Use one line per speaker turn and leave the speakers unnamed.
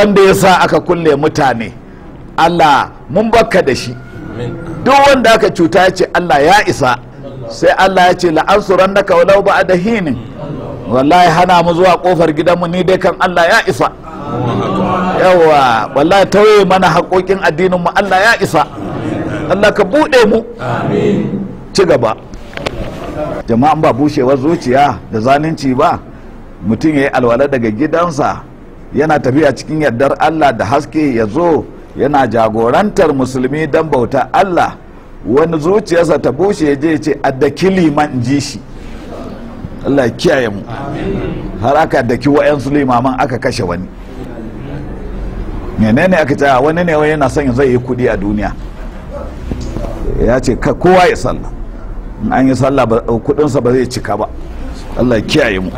wanda ya sa aka kulle mutane Allah mun baka da shi duk wanda aka cuta ya ce Allah ya isa sai Allah ya ce la'ansuran na kaulau ba da hinin wallahi hana mu zuwa kofar gidanmu ni dai kan Allah ya isa yawa wallahi tauye mana haƙoƙin addininmu Allah ya isa Allah ka buɗe mu ci gaba jama'an ba bushewar zuciya da zalunci ba mutum ya yi alwala daga gidansa yana tafiya cikin yardar Allah da haske ya zo yana jagorantar musulmi don bauta Allah wani zuciyarsa ta bushe ya je ce a liman in ji shi Allah kiyaye mu har aka daki wa'yansu limaman aka kashe wani menene aka ce wani ne wani yana son zai yi kudi a duniya ya ce ka kowa ya sallah an yi sallah kudinsa ba zai cika ba
Allah kiyaye mu